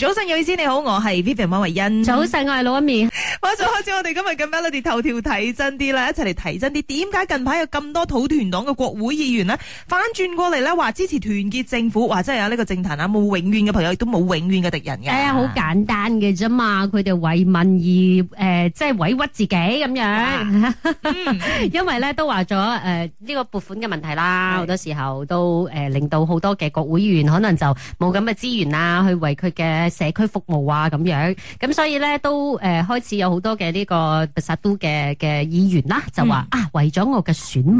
早晨，有意思你好，我係 Vivian 馬慧欣。早晨，我係老一面。馬上開始，我哋今日嘅 Melody 頭條睇真啲啦，一齊嚟睇真啲。點解近排有咁多土團黨嘅國會議員咧，反轉過嚟咧話支持團結政府，話真係有呢個政壇啊冇永遠嘅朋友，亦都冇永遠嘅敵人嘅。係啊，好簡單嘅啫嘛，佢哋為民而誒，即係委屈自己咁樣。因為咧都話咗誒，呢個撥款嘅問題啦，好多時候都誒令到好多嘅國會議員可能就冇咁嘅資源啦，去為佢嘅。社區服務啊，咁樣咁所以咧都誒、呃、開始有好多嘅呢、呢個布薩都嘅嘅議員啦，就話、嗯、啊為咗我嘅選民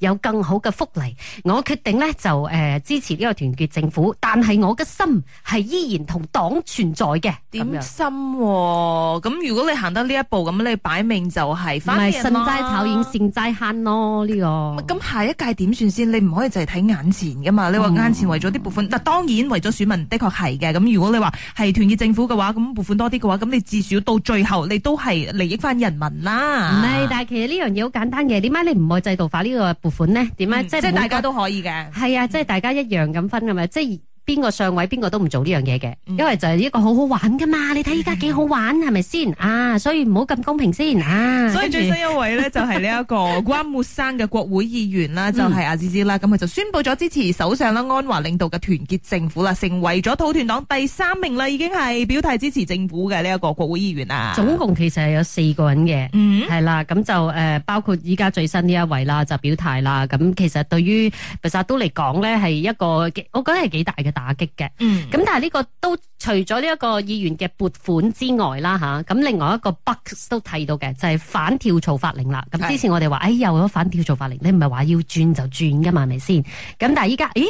有更好嘅福利，我決定咧就誒、呃、支持呢個團結政府。但係我嘅心係依然同黨存在嘅。點心喎、哦？咁如果你行得呢一步，咁你擺明就係反神齋討厭，善齋慳咯呢、呢個。咁下一屆點算先？你唔可以就係睇眼前噶嘛？你話眼前為咗啲部分，嗱、嗯、當然為咗選民，的確係嘅。咁如果你話，係團結政府嘅話，咁撥款多啲嘅話，咁你至少到最後你都係利益翻人民啦。唔係，但係其實呢樣嘢好簡單嘅，點解你唔愛制度化個呢個撥款咧？點解、嗯、即係即係大家都可以嘅？係啊，即係大家一樣咁分㗎嘛，嗯、即係。邊個上位，邊個都唔做呢樣嘢嘅，因為就係一個好好玩噶嘛。你睇依家幾好玩，係咪先啊？所以唔好咁公平先啊！所以最新一位呢，就係呢一個關莫生嘅國會議員啦，嗯、就係阿芝芝啦。咁佢就宣佈咗支持首相啦，安華領導嘅團結政府啦，成為咗土團黨第三名啦，已經係表態支持政府嘅呢一個國會議員啦。總共其實係有四個人嘅，係啦、嗯，咁就誒、呃、包括依家最新呢一位啦，就表態啦。咁其實對於白沙都嚟講呢，係一個我覺得係幾大嘅。打擊嘅，咁、嗯、但係呢個都除咗呢一個議員嘅撥款之外啦，吓，咁另外一個 bucks 都睇到嘅就係、是、反跳槽法令啦。咁之前我哋話，是哎又有咗反跳槽法令，你唔係話要轉就轉噶嘛，係咪先？咁但係依家，誒，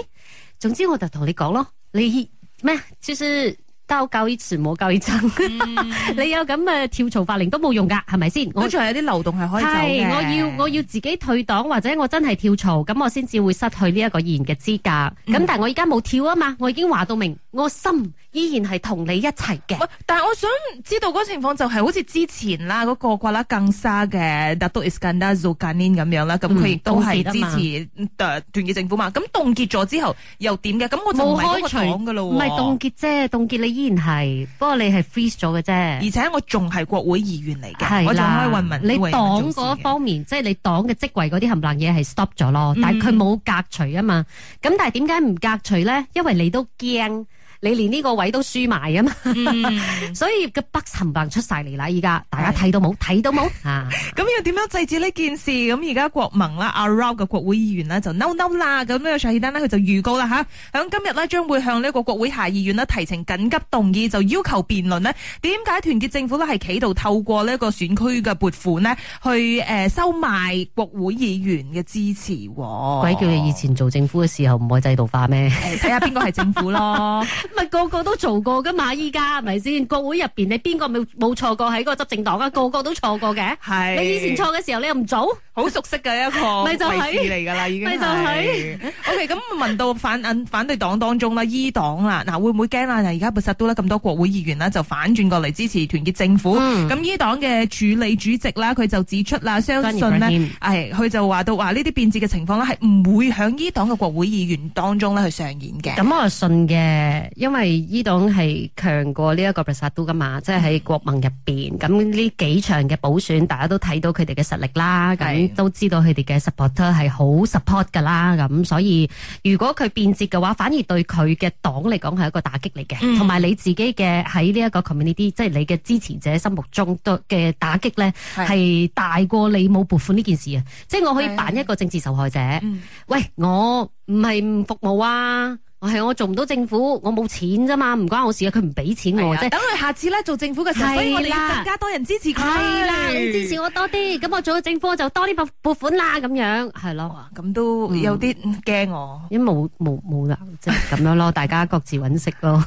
總之我就同你講咯，你咩啊，就是。交夠熱全，冇夠熱憎，你有咁嘅跳槽法令都冇用噶，係咪先？好在有啲漏洞係可以走嘅。係我要我要自己退黨或者我真係跳槽，咁我先至會失去呢一個議員嘅資格。咁但係我而家冇跳啊嘛，我已經話到明，我心依然係同你一齊嘅。但係我想知道嗰情況就係好似之前啦，嗰個瓜拉更沙嘅納多伊斯根達魯加尼咁樣啦，咁佢亦都係支持特團結政府嘛？咁凍結咗之後又點嘅？咁我就唔係開除，唔係凍結啫，凍結你。依然係，不過你係 freeze 咗嘅啫，而且我仲係國會議員嚟嘅，的我仲可以運民。你黨嗰方面，即係你黨嘅職位嗰啲冚唪嘢係 stop 咗咯、嗯，但係佢冇革除啊嘛。咁但係點解唔革除咧？因為你都驚。你連呢個位都輸埋啊嘛，嗯、 所以嘅北尋辦出晒嚟啦！依家大家睇到冇？睇到冇啊？咁要點樣制止呢件事？咁而家國盟啦，阿羅嘅國會議員啦就嬲嬲啦！咁呢個上議單呢，佢就預告啦嚇，響今日呢，將會向呢個國會下議院呢提呈緊急動議，就要求辯論呢：點解團結政府呢係企圖透過呢個選區嘅撥款呢去誒收買國會議員嘅支持？鬼叫你以前做政府嘅時候唔可以制度化咩？睇下邊個係政府咯～ 因為個個都做過㗎嘛，依家係咪先？國會入邊你邊個冇冇錯過喺嗰個執政黨啊？個個都錯過嘅，是你以前錯嘅時候你又唔做？好熟悉嘅一個例子嚟噶啦， 是就是，已經係。O K，咁問到反 反對黨當中啦，伊黨啦，嗱、啊、會唔會驚啦？而家布薩都咧咁多國會議員啦，就反轉過嚟，支持團結政府。咁、嗯、伊黨嘅署理主席啦，佢就指出啦，相信呢係佢就話到話呢啲變節嘅情況咧係唔會響伊黨嘅國會議員當中咧去上演嘅。咁我就信嘅，因為伊黨係強過呢一個布薩都噶嘛，即係喺國盟入邊。咁呢幾場嘅補選，大家都睇到佢哋嘅實力啦。嗯、都知道佢哋嘅 supporter 係好 support 噶啦，咁所以如果佢變節嘅話，反而對佢嘅黨嚟講係一個打擊嚟嘅，同埋、嗯、你自己嘅喺呢一個 community 即係你嘅支持者心目中嘅打擊咧，係是大過你冇撥款呢件事啊！即、就、係、是、我可以扮一個政治受害者，的喂，我唔係唔服務啊！我係，我做唔到政府，我冇錢咋嘛，唔關我事啊！佢唔俾錢我，等佢下次咧做政府嘅時候，所以我哋要更加多人支持佢。啦，你支持我多啲，咁我做政府就多啲撥撥款啦，咁樣係咯，咁都有啲驚我，因冇冇冇啦，即係咁樣咯，大家各自揾食咯。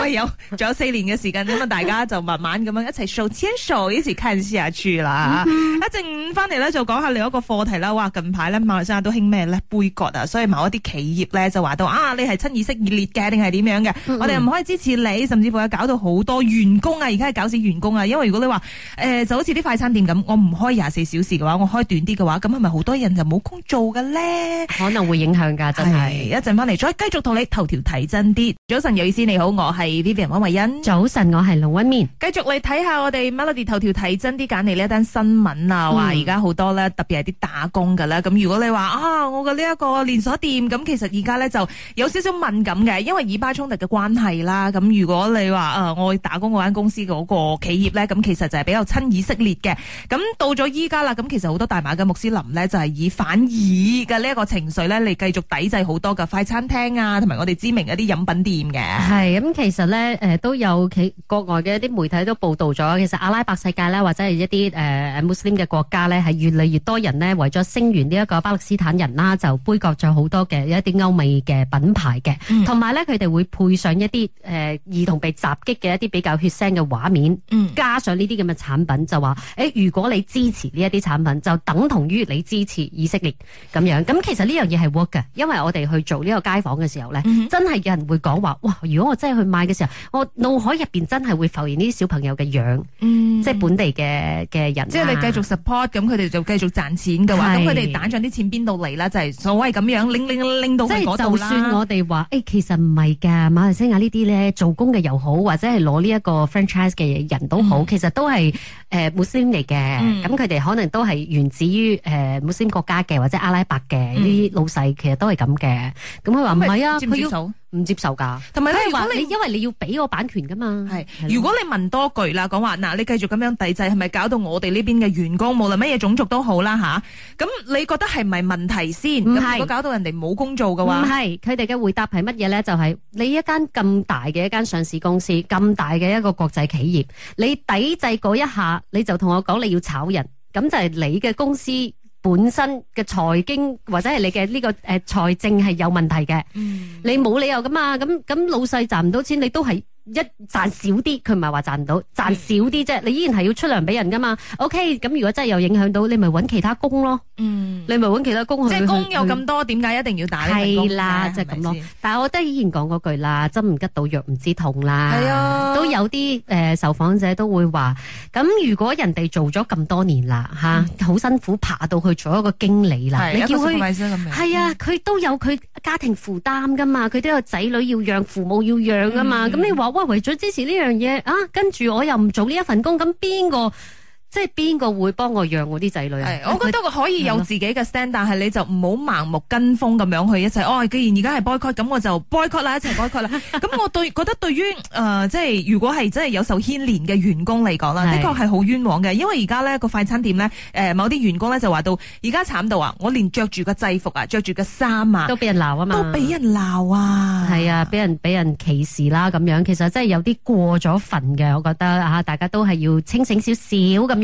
喂，有仲有四年嘅時間，咁啊，大家就慢慢咁樣一齊數錢數，一齊開下私下啦。啊，一陣翻嚟咧就講下另一個課題啦。哇，近排咧馬來西亞都興咩咧？杯葛啊，所以某一啲企業咧就話。啊，你係親以色列嘅，定係點樣嘅？嗯、我哋又唔可以支持你，甚至乎搞到好多員工啊！而家係搞死員工啊！因為如果你話誒、呃，就好似啲快餐店咁，我唔開廿四小時嘅話，我開短啲嘅話，咁係咪好多人就冇工做嘅咧？可能會影響噶，真係。一陣翻嚟再繼續同你頭條睇真啲。早晨，有意思，你好，我係 Vivian 王慧欣。早晨，我係盧温面。繼續嚟睇下我哋 Melody 頭條睇真啲揀你呢一單新聞啊！話而家好多咧，特別係啲打工嘅啦。咁如果你話啊，我嘅呢一個連鎖店咁，其實而家咧就。有少少敏感嘅，因為以巴衝突嘅關係啦。咁如果你話啊、呃，我打工嗰間公司嗰個企業咧，咁其實就係比較親以色列嘅。咁到咗依家啦，咁其實好多大馬嘅穆斯林呢，就係以反以嘅呢一個情緒呢，嚟繼續抵制好多嘅快餐廳啊，同埋我哋知名嘅啲飲品店嘅。係咁，其實呢，都有企國外嘅一啲媒體都報導咗，其實阿拉伯世界呢，或者係一啲誒穆斯林嘅國家呢，係越嚟越多人呢，為咗聲援呢一個巴勒斯坦人啦，就杯葛咗好多嘅一啲歐美嘅。誒，品牌嘅，同埋咧，佢哋會配上一啲誒、呃，兒童被襲擊嘅一啲比較血腥嘅畫面，嗯、加上呢啲咁嘅產品，就話誒、欸，如果你支持呢一啲產品，就等同於你支持以色列咁樣。咁其實呢樣嘢係 work 噶因為我哋去做呢個街訪嘅時候咧，嗯、真係有人會講話，哇！如果我真係去買嘅時候，我腦海入邊真係會浮現呢啲小朋友嘅樣，即係本地嘅嘅人。即係你繼續 support，咁佢哋就繼續賺錢嘅話，咁佢哋打上啲錢邊度嚟啦？就係所謂咁樣拎拎拎到就算我哋話誒，其實唔係噶，馬來西亞呢啲咧，做工嘅又好，或者係攞呢一個 franchise 嘅人都好，嗯、其實都係誒、呃、穆斯林嚟嘅。咁佢哋可能都係源自於誒、呃、穆斯林國家嘅，或者阿拉伯嘅呢啲老細，其實都係咁嘅。咁佢話唔係啊，佢唔接受噶，同埋咧，如果你，你因為你要俾個版權噶嘛，係如果你問多句啦，講話嗱，你繼續咁樣抵制，係咪搞到我哋呢邊嘅員工，無論乜嘢種族都好啦吓，咁、啊、你覺得係唔係問題先？唔係，如果搞到人哋冇工做嘅話，唔係，佢哋嘅回答係乜嘢咧？就係、是、你一間咁大嘅一間上市公司，咁大嘅一個國際企業，你抵制嗰一下，你就同我講你要炒人，咁就係你嘅公司。本身嘅財經或者係你嘅呢個誒財政係有問題嘅，嗯、你冇理由噶嘛，咁咁老細賺唔到錢，你都係。一賺少啲，佢唔係話賺唔到，賺少啲啫。你依然係要出糧俾人噶嘛。O K，咁如果真係有影響到，你咪揾其他工咯。嗯，你咪揾其他工囉。即係工有咁多，點解一定要打呢個工啊？係啦，即係咁咯。但係我都依然講嗰句啦，針唔吉到藥唔知痛啦。係啊，都有啲誒受訪者都會話，咁如果人哋做咗咁多年啦，吓好辛苦爬到去做一個經理啦，你叫佢係啊，佢都有佢家庭負擔噶嘛，佢都有仔女要養，父母要養噶嘛，咁你話。喂，為咗支持呢樣嘢啊，跟住我又唔做呢一份工，咁邊個？即係邊個會幫我養我啲仔女？係，我覺得佢可以有自己嘅 stand, 但係你就唔好盲目跟風咁樣去一齊。哦，既然而家係 boycott，咁我就 boycott 啦，一齊 boycott 啦。咁 我對覺得對於誒、呃，即係如果係真係有受牽連嘅員工嚟講啦，是的確係好冤枉嘅。因為而家呢個快餐店呢誒、呃、某啲員工咧就話到，而家慘到啊，我連着住個制服啊，着住個衫啊，都俾人鬧啊嘛，都俾人鬧啊。係啊，俾人俾人歧視啦咁樣，其實真係有啲過咗份嘅，我覺得啊，大家都係要清醒少少咁。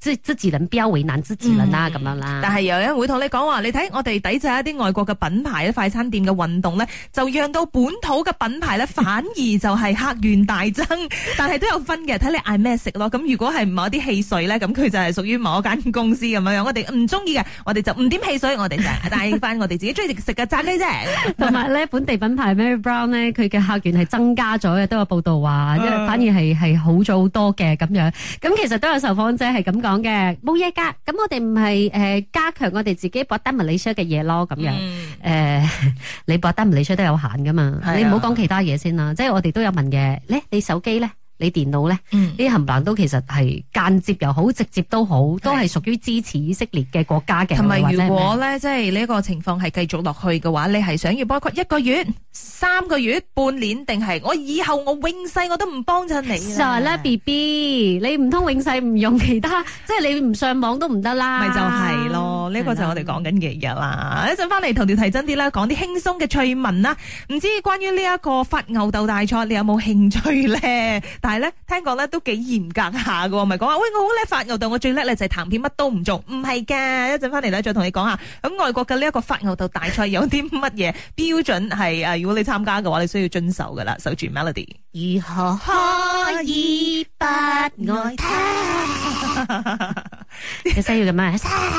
即係即係只能比較為難自己啦咁樣啦，但係有人會同你講話，你睇我哋抵制一啲外國嘅品牌快餐店嘅運動咧，就讓到本土嘅品牌咧反而就係客源大增， 但係都有分嘅，睇你嗌咩食咯。咁如果係某一啲汽水咧，咁佢就係屬於某一間公司咁樣樣。我哋唔中意嘅，我哋就唔點汽水，我哋就帶翻我哋自己中意食嘅炸雞啫。同埋咧本地品牌 Mary Brown 咧，佢嘅客源係增加咗嘅，都有報道話，因為反而係係好咗好多嘅咁樣。咁其實都有受訪者係咁講。講嘅冇嘢噶，咁我哋唔係誒，加強我哋自己博得物理出嘅嘢咯，咁樣誒，你博得物理出都有限噶嘛。啊、你唔好講其他嘢先啦，即係我哋都有問嘅咧，你手機咧，你電腦咧，呢冚唪唥都其實係間接又好，直接都好，都係屬於支持以色列嘅國家嘅，同埋是如果咧，即係呢個情況係繼續落去嘅話，你係想要包括一個月。三個月、半年定係我以後我永世我都唔幫襯你。傻啦，B B，你唔通永世唔用其他，即係你唔上網都唔得啦。咪就係咯，呢、這個就係我哋講緊嘅嘢啦。一陣翻嚟同條睇真啲啦，講啲輕鬆嘅趣聞啦。唔知關於呢一個發吽哣大賽，你有冇興趣咧？但係咧，聽講咧都幾嚴格下噶，咪講話喂，我好叻發吽哣，我最叻咧就係彈片，乜都唔做。唔係嘅，一陣翻嚟咧再同你講下，咁外國嘅呢一個發吽哣大賽有啲乜嘢標準係誒？如果你參加嘅話，你需要遵守噶啦，守住 melody。如何可以不愛他？你需 要嘅咩？啊、沙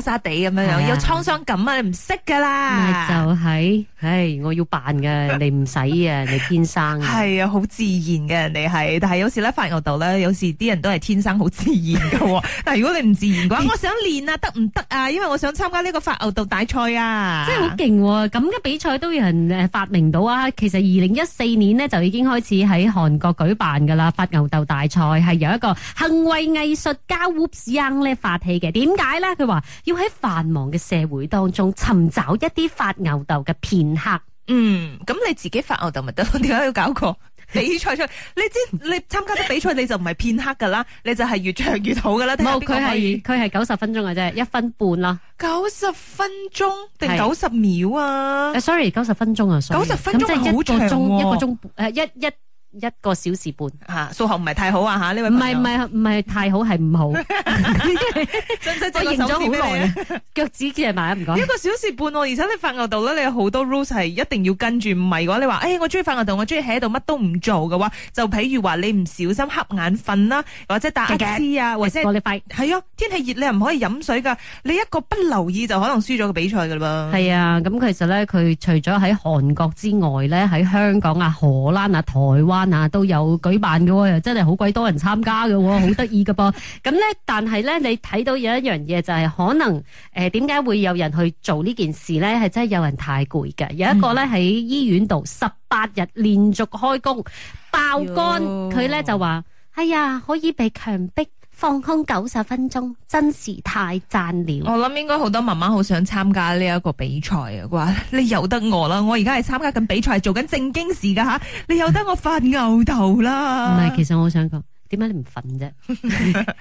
沙沙地咁樣樣，有滄桑感啊！感你唔識噶啦，就係、係，唉，我要扮㗎，你唔使啊， 你天生係啊，好自然嘅人哋係，但係有時咧發牛道咧，有時啲人都係天生好自然噶。 但係如果你唔自然嘅話， 我想練啊，得唔得啊？因為我想參加呢個發牛道大賽啊，真係好勁，咁嘅比賽都有人誒發明到啊。其實二零一四年呢，就已經。開始喺韓國舉辦噶啦，發牛豆大賽係由一個行為藝術家 Woo Young 咧發起嘅。點解咧？佢話要喺繁忙嘅社會當中尋找一啲發牛豆嘅片刻。嗯，咁你自己發牛豆咪得咯？點解要搞個比賽出嚟？你知你參加咗比賽，你就唔係片刻噶啦，你就係越長越好噶啦。冇，佢係佢係九十分鐘嘅啫，一分半啦。九十分鐘定九十秒啊？sorry 九十分鐘啊，九十分鐘係一個鐘，呃，一個鐘誒，一一。一個小時半吓，數、啊、學唔係太好啊吓，呢位朋友唔係唔係唔係太好係唔好，我認咗好耐腳趾係嘛，唔該。一個小時半、啊、而且你發牛道咧，你有好多 rules 係一定要跟住，唔係嘅話，你話誒、哎、我中意發牛道，我中意喺度乜都唔做嘅話，就譬如話你唔小心瞌眼瞓啦，或者打支啊， 或者係係 天氣熱你又唔可以飲水噶，你一個不留意就可能輸咗個比賽噶啦嘛。係啊，咁其實咧，佢除咗喺韓國之外咧，喺香港啊、荷蘭啊、台灣。啊，都有舉辦嘅，又真係好鬼多人參加嘅，好得意嘅噃。咁呢，但係呢，你睇到有一樣嘢，就係、是、可能，誒，點解會有人去做呢件事呢？係真係有人太攰嘅。有一個呢，喺醫院度十八日連續開工，爆肝，佢呢呦就話：，哎呀，可以被強迫。」放空九十分鐘，真是太讚了！我諗應該好多媽媽好想參加呢一個比賽啊！啩你由得我啦，我而家係參加緊比賽，做緊正經事噶吓，你由得我發牛豆啦！唔係，其實我想講，點解你唔瞓啫？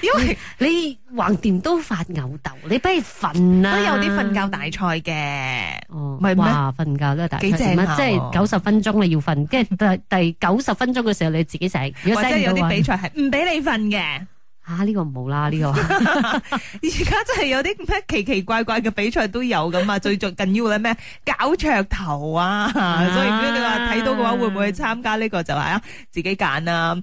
因為你橫掂都發牛豆，你不如瞓啊！都有啲瞓覺大賽嘅，哦，唔係話瞓覺都大賽，幾正啊！即係九十分鐘你要瞓，跟住 第九十分鐘嘅時候你自己醒。如果醒或者有啲比賽係唔俾你瞓嘅。啊！呢、這個唔好啦，呢、這個而家 真係有啲咩奇奇怪怪嘅比賽都有㗎嘛， 最最緊要咧咩搞噱頭啊，啊所以如果你話睇到嘅話，會唔會去參加呢個就係、是、啊，自己揀啊。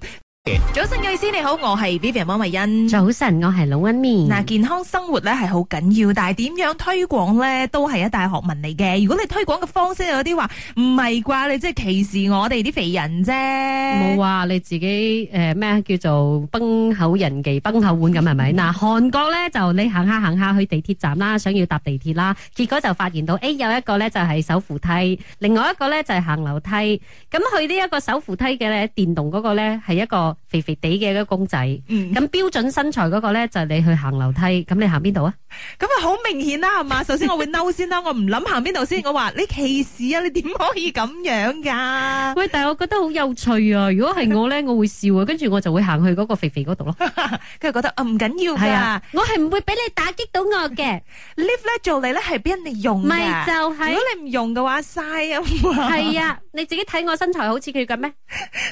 早晨，藝師你好，我係 Vivian 溫慧欣。早晨，我係老溫面。嗱，健康生活咧係好緊要，但係點樣推廣咧都係一大學問嚟嘅。如果你推廣嘅方式有啲話，唔係啩？你即係歧視我哋啲肥人啫。冇話你自己誒咩叫做崩口人忌崩口碗咁係咪？嗱，韓國咧就你行下行下去地鐵站啦，想要搭地鐵啦，結果就發現到誒有一個咧就係手扶梯，另外一個咧就係行樓梯。咁去呢一個手扶梯嘅咧電動嗰個咧係一個。肥肥哋嘅一個公仔，咁、嗯、標準身材個咧就係、你去行樓梯，咁你行邊度啊？咁啊，好明顯啦，係嘛？首先我會嬲先啦， 我唔諗行邊度先。我話你歧視啊！你點可以咁樣噶、啊？喂，但係我覺得好有趣啊！如果係我咧， 我會笑啊，跟住我就會行去嗰個肥肥嗰度咯。跟住 覺得啊，唔緊要噶，啊、我係唔會俾你打擊到我嘅。 lift 咧做嚟咧係俾人哋用，咪就係、是、如果你唔用嘅話晒啊，係 啊，你自己睇我身材好似佢咁咩？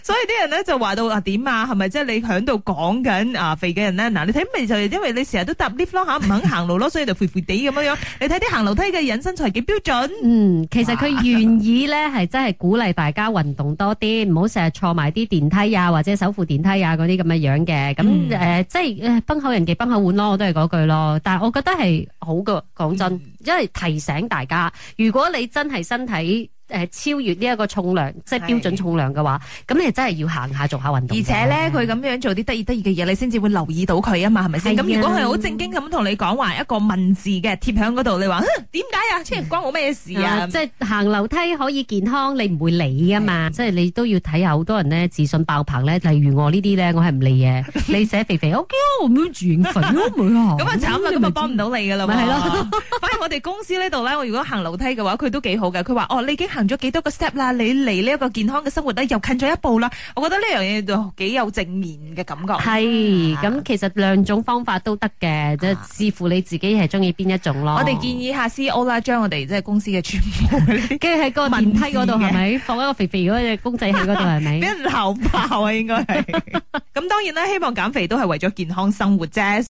所以啲人咧就話到啊，點啊，係咪即係你響度講緊啊肥嘅人咧？嗱，你睇咪就係因為你成日都搭 lift 咯吓，唔肯行路。 咯，所以就肥肥地咁樣樣。你睇啲行樓梯嘅人，身材幾標準？嗯，其實佢願意咧，係真係鼓勵大家運動多啲，唔好成日坐埋啲電梯啊，或者手扶電梯啊嗰啲咁嘅樣嘅。咁誒、嗯呃，即係誒，崩、呃、口人嘅崩口碗咯，我都係嗰句咯。但係我覺得係好嘅，講真，因為提醒大家，如果你真係身體。誒，超越呢一個重量，即係標準重量嘅話，咁是你真係要行下做下運動。而且咧，佢咁樣做啲得意得意嘅嘢，你先至會留意到佢啊嘛，係咪先？咁、啊、如果佢好正經咁同你講話一個文字嘅貼響嗰度，你話，點解啊？即係關我咩事啊？即係行樓梯可以健康，你唔會理噶嘛？即係是你都要睇下，好多人咧，自信爆棚咧，例如我呢啲咧，我係唔理嘅。你寫肥肥 ，O、okay, K，我唔要住院唔會啊。咁啊慘啦，咁就幫唔到你噶啦，咪係咯。是 我哋公司呢度咧，我如果行樓梯嘅話，佢都幾好嘅。佢話哦，你已經行咗幾多個 step 啦，你離呢一個健康嘅生活咧又近咗一步啦。我覺得呢樣嘢就幾有正面嘅感覺。係是，咁、啊、其實兩種方法都得嘅，即係、啊、視乎你自己係中意邊一種咯。我哋建議下 CEO 啦，將我哋即係公司嘅全部，跟住喺個電梯嗰度係咪放一個肥肥嗰隻公仔喺嗰度係咪？俾 人鬧爆啊！應該係。咁 當然啦，希望減肥都係為咗健康生活啫。